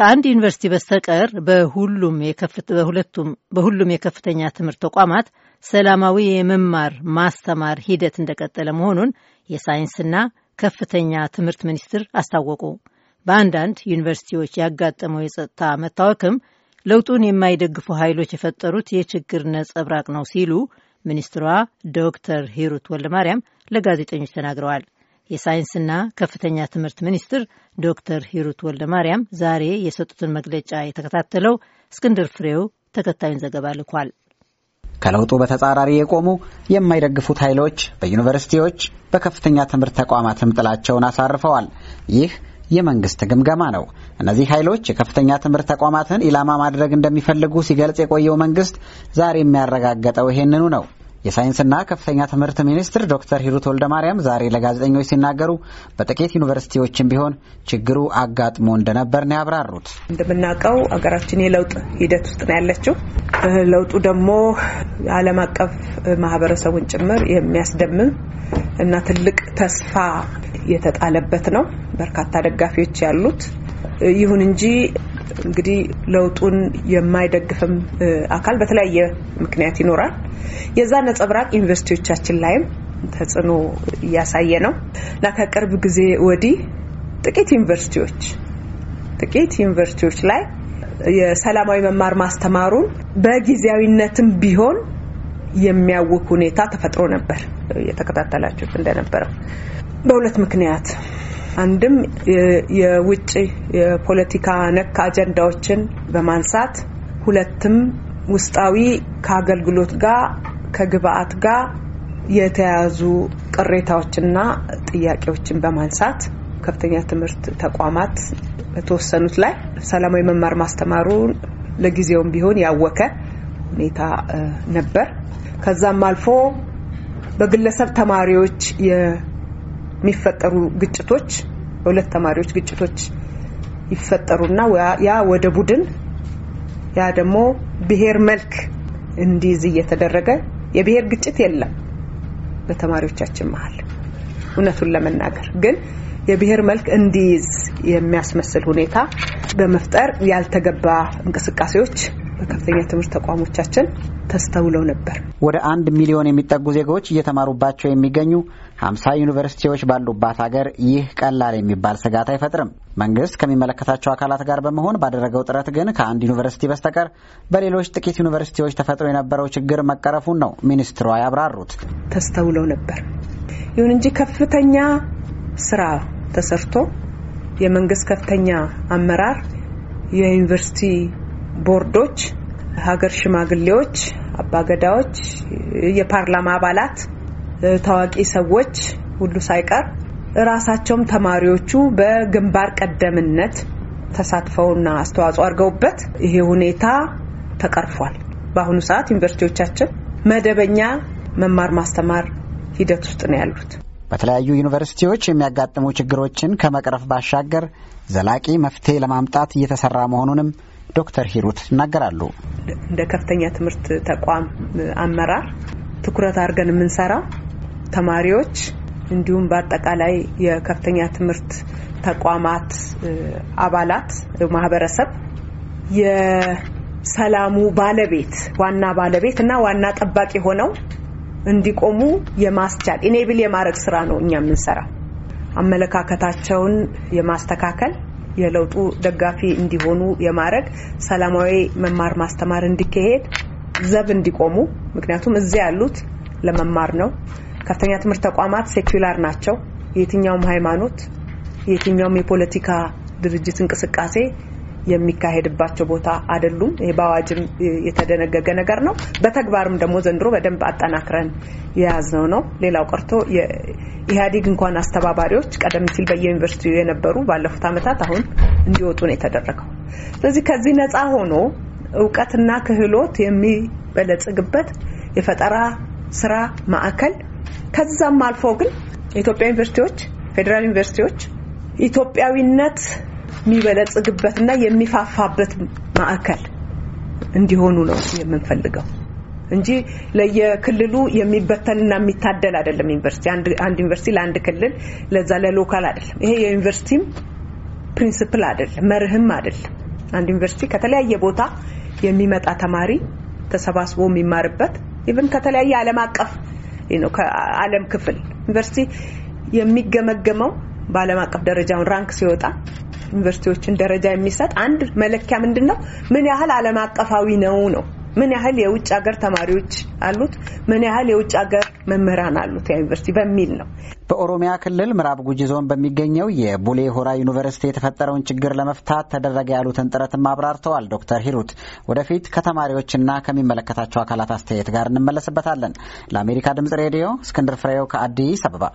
ከአንድ ዩኒቨርሲቲ በስተቀር በሁሉም የከፍተኛ ትምህርት ተቋማት ሰላማዊ የመማር ማስተማር ሂደት እንደቀጠለ መሆኑን የሳይንስና ከፍተኛ ትምህርት ሚኒስትር አስታወቁ። በአንዳንድ ዩኒቨርሲቲዎች ያጋጠመው የጸጥታ መታወክም ለውጡን የማይደግፉ ኃይሎች የፈጠሩት የችግር ነጸብራቅ ነው ሲሉ ሚኒስትሯ ዶክተር ሂሩት ወልደማርያም ለጋዜጠኞች ተናግረዋል። የሳይንስና ከፍተኛ ትምህርት ሚኒስትር ዶክተር ሂሩት ወልደ ማርያም ዛሬ የሰጡትን መግለጫ የተከታተለው እስክንድር ፍሬው ተከታዩን ዘገባ ልኳል። ከለውጡ በተጻራሪ የቆሙ የማይደግፉት ኃይሎች በዩኒቨርሲቲዎች በከፍተኛ ትምህርት ተቋማትም ጥላቸውን አሳርፈዋል። ይህ የመንግስት ግምገማ ነው። እነዚህ ኃይሎች የከፍተኛ ትምህርት ተቋማትን ኢላማ ማድረግ እንደሚፈልጉ ሲገልጽ የቆየው መንግስት ዛሬ የሚያረጋገጠው ይሄንኑ ነው። የሳይንስና ከፍተኛ ትምህርት ሚኒስትር ዶክተር ሂሩት ወልደ ማርያም ዛሬ ለጋዜጠኞች ሲናገሩ በጥቂት ዩኒቨርሲቲዎችም ቢሆን ችግሩ አጋጥሞ እንደነበር ነው ያብራሩት። እንደምናውቀው ሀገራችን የለውጥ ሂደት ውስጥ ነው ያለችው። ለውጡ ደግሞ ዓለም አቀፍ ማህበረሰቡን ጭምር የሚያስደምም እና ትልቅ ተስፋ የተጣለበት ነው። በርካታ ደጋፊዎች ያሉት ይሁን እንጂ እንግዲህ ለውጡን የማይደግፍም አካል በተለያየ ምክንያት ይኖራል። የዛ ነጸብራቅ ዩኒቨርሲቲዎቻችን ላይም ተጽዕኖ እያሳየ ነው እና ከቅርብ ጊዜ ወዲህ ጥቂት ዩኒቨርሲቲዎች ጥቂት ዩኒቨርሲቲዎች ላይ የሰላማዊ መማር ማስተማሩን በጊዜያዊነትም ቢሆን የሚያውክ ሁኔታ ተፈጥሮ ነበር። የተከታተላችሁት እንደነበረው በሁለት ምክንያት አንድም የውጭ የፖለቲካ ነክ አጀንዳዎችን በማንሳት ሁለትም ውስጣዊ ከአገልግሎት ጋር ከግብአት ጋር የተያያዙ ቅሬታዎችና ጥያቄዎችን በማንሳት ከፍተኛ ትምህርት ተቋማት በተወሰኑት ላይ ሰላማዊ መማር ማስተማሩን ለጊዜውም ቢሆን ያወከ ሁኔታ ነበር። ከዛም አልፎ በግለሰብ ተማሪዎች የሚፈጠሩ ግጭቶች ሁለት ተማሪዎች ግጭቶች ይፈጠሩና ያ ወደ ቡድን ያ ደግሞ ብሔር መልክ እንዲይዝ እየተደረገ የብሄር ግጭት የለም በተማሪዎቻችን መሀል እውነቱን ለመናገር ግን የብሄር መልክ እንዲይዝ የሚያስመስል ሁኔታ በመፍጠር ያልተገባ እንቅስቃሴዎች በከፍተኛ ትምህርት ተቋሞቻችን ተስተውለው ነበር። ወደ አንድ ሚሊዮን የሚጠጉ ዜጎች እየተማሩባቸው የሚገኙ ሀምሳ ዩኒቨርሲቲዎች ባሉባት ሀገር ይህ ቀላል የሚባል ስጋት አይፈጥርም። መንግስት ከሚመለከታቸው አካላት ጋር በመሆን ባደረገው ጥረት ግን ከአንድ ዩኒቨርሲቲ በስተቀር በሌሎች ጥቂት ዩኒቨርሲቲዎች ተፈጥሮ የነበረው ችግር መቀረፉን ነው ሚኒስትሯ ያብራሩት። ተስተውለው ነበር። ይሁን እንጂ ከፍተኛ ስራ ተሰርቶ የመንግስት ከፍተኛ አመራር የዩኒቨርሲቲ ቦርዶች፣ ሀገር ሽማግሌዎች፣ አባገዳዎች፣ የፓርላማ አባላት፣ ታዋቂ ሰዎች ሁሉ ሳይቀር ራሳቸውም ተማሪዎቹ በግንባር ቀደምነት ተሳትፈውና አስተዋጽኦ አድርገውበት ይሄ ሁኔታ ተቀርፏል። በአሁኑ ሰዓት ዩኒቨርሲቲዎቻችን መደበኛ መማር ማስተማር ሂደት ውስጥ ነው ያሉት። በተለያዩ ዩኒቨርሲቲዎች የሚያጋጥሙ ችግሮችን ከመቅረፍ ባሻገር ዘላቂ መፍትሄ ለማምጣት እየተሰራ መሆኑንም ዶክተር ሂሩት ይናገራሉ። እንደ ከፍተኛ ትምህርት ተቋም አመራር ትኩረት አድርገን የምንሰራው ተማሪዎች እንዲሁም በአጠቃላይ የከፍተኛ ትምህርት ተቋማት አባላት ማህበረሰብ የሰላሙ ባለቤት ዋና ባለቤት እና ዋና ጠባቂ ሆነው እንዲቆሙ የማስቻል ኢኔብል የማድረግ ስራ ነው እኛ የምንሰራው። አመለካከታቸውን የማስተካከል የለውጡ ደጋፊ እንዲሆኑ የማድረግ ሰላማዊ መማር ማስተማር እንዲካሄድ ዘብ እንዲቆሙ ምክንያቱም እዚያ ያሉት ለመማር ነው። ከፍተኛ ትምህርት ተቋማት ሴኩላር ናቸው። የትኛውም ሃይማኖት፣ የትኛውም የፖለቲካ ድርጅት እንቅስቃሴ የሚካሄድባቸው ቦታ አይደሉም። ይሄ በአዋጅም የተደነገገ ነገር ነው። በተግባርም ደግሞ ዘንድሮ በደንብ አጠናክረን የያዝነው ነው። ሌላው ቀርቶ የኢህአዴግ እንኳን አስተባባሪዎች ቀደም ሲል በየዩኒቨርሲቲው የነበሩ ባለፉት ዓመታት አሁን እንዲወጡ ነው የተደረገው። ስለዚህ ከዚህ ነፃ ሆኖ እውቀትና ክህሎት የሚበለጽግበት የፈጠራ ስራ ማዕከል ከዛም አልፎ ግን የኢትዮጵያ ዩኒቨርሲቲዎች፣ ፌዴራል ዩኒቨርሲቲዎች ኢትዮጵያዊነት የሚበለጽግበትና የሚፋፋበት ማዕከል እንዲሆኑ ነው የምንፈልገው እንጂ ለየክልሉ የሚበተንና የሚታደል አይደለም። ዩኒቨርሲቲ አንድ ዩኒቨርሲቲ ለአንድ ክልል ለዛ ለሎካል አይደለም። ይሄ የዩኒቨርሲቲም ፕሪንስፕል አይደለም፣ መርህም አይደለም። አንድ ዩኒቨርሲቲ ከተለያየ ቦታ የሚመጣ ተማሪ ተሰባስቦ የሚማርበት ኢቭን ከተለያየ ዓለም አቀፍ ነው ከዓለም ክፍል ዩኒቨርሲቲ የሚገመገመው በዓለም አቀፍ ደረጃውን ራንክ ሲወጣ ዩኒቨርሲቲዎችን ደረጃ የሚሰጥ አንድ መለኪያ ምንድን ነው? ምን ያህል ዓለም አቀፋዊ ነው ነው ምን ያህል የውጭ ሀገር ተማሪዎች አሉት፣ ምን ያህል የውጭ ሀገር መምህራን አሉት ዩኒቨርሲቲ በሚል ነው። በኦሮሚያ ክልል ምዕራብ ጉጂ ዞን በሚገኘው የቡሌ ሆራ ዩኒቨርሲቲ የተፈጠረውን ችግር ለመፍታት ተደረገ ያሉትን ጥረትም አብራርተዋል ዶክተር ሂሩት። ወደፊት ከተማሪዎችና ከሚመለከታቸው አካላት አስተያየት ጋር እንመለስበታለን። ለአሜሪካ ድምጽ ሬዲዮ እስክንድር ፍሬው ከአዲስ አበባ